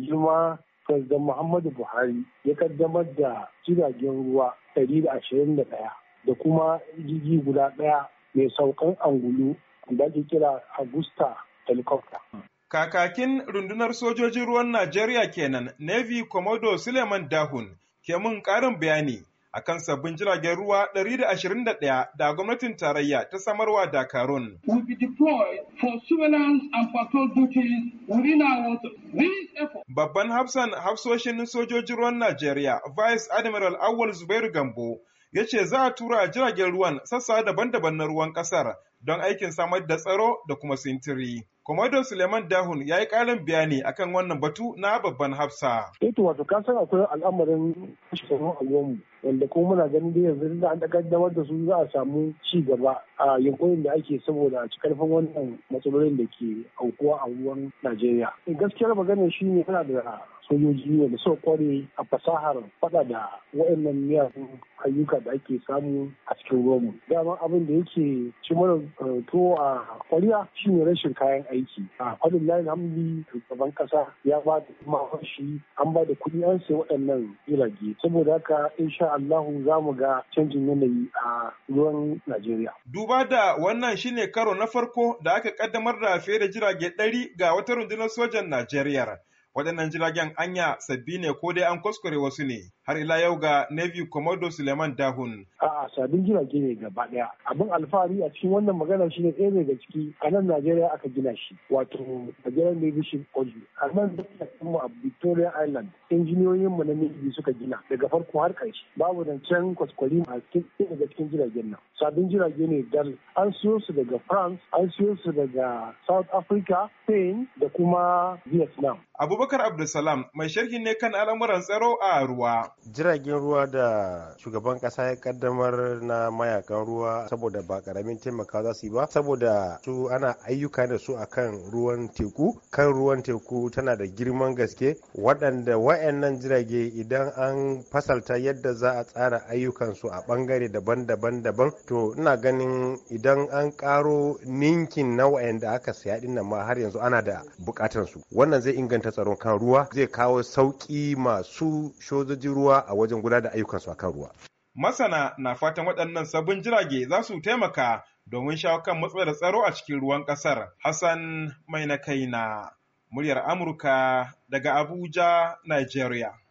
girma President Muhammadu Buhari ya kaddamar da jiragen ruwa 121 da kuma jirgi guda daya mai saukan angulu da ake kira Augusta Helicopter. Kakakin rundunar sojojin ruwan Najeriya kenan Navy Commodore Suleiman Dahun ke mun karin bayani akan sabbin jiragen ruwa 121 da gwamnatin tarayya ta samarwa Dakarun. Babban hafsan hafsoshin sojojin ruwan Najeriya, Vice Admiral Awal Zubairu Gambo, ya ce za a tura jiragen ruwan sassa daban-daban na ruwan ƙasar, don aikin samar da tsaro da kuma sintiri. Komodo Suleiman Dahun ya yi ƙarin bayani akan wannan batu na babban hafsa. Ito eh wato kasan akwai al'amarin tsaron al'ummu wanda kuma muna ganin da yanzu da an takaddamar da su za a samu ci gaba a yankunan da ake saboda a ci karfin wannan matsalolin da ke aukuwa a ruwan Najeriya. Eh, gaskiyar magana shi ne yana da sojoji da suka kware a fasahar fada da wa'annan miyagun ayyuka da ake samu a cikin ruwanmu. Dama abin da yake ci mana eh, tuwo a kwariya shi ne rashin kayan aiki. aiki a alhamdulillah alhamdi shugaban kasa ya ba da kuma shi an ba da kuɗi an sai waɗannan jirage saboda haka insha Allahu za mu ga canjin yanayi a ruwan Najeriya. Duba da wannan shine karo na farko da aka kaddamar da fiye da jirage ɗari ga wata rundunar sojan Najeriya. Waɗannan jiragen anya sabbi ne ko dai an kuskure wasu ne. har ila yau ga Navy Commodore Suleiman Dahun. A'a sabin jirage ne gaba daya. Abin alfahari a cikin wannan magana shi ne ɗaya daga ciki a nan Najeriya aka gina shi wato Nigerian Navy Ship Oji. A nan da mu a Victoria Island injiniyoyin mu na Navy suka gina daga farko har ƙarshe. Babu rancen kwaskwari a cikin daga cikin jiragen nan. Sabin jirage ne dal an siyo su daga France, an siyo su daga South Africa, Spain da kuma Vietnam. Abubakar Abdulsalam mai sharhi ne kan al'amuran tsaro a ruwa. jiragen ruwa da shugaban kasa ya kaddamar na mayakan ruwa saboda ba karamin taimaka za su yi ba saboda su ana ayyuka da su akan ruwan teku kan ruwan teku tana da girman gaske waɗanda wa'annan jirage idan an fasalta yadda za a tsara ayyukansu a bangare daban-daban daban to ina ganin idan an ƙaro ninkin na wa'anda aka saya din nan ma har yanzu ana da su wannan zai inganta tsaron kan ruwa zai kawo sauƙi masu sojojin ruwa ruwa a wajen gudanar da ayyukansu akan ruwa. Masana na fatan waɗannan sabbin jirage za su taimaka domin shawo kan matsalar tsaro a cikin ruwan ƙasar. Hassan mai na kaina, muryar Amurka daga Abuja, Nigeria.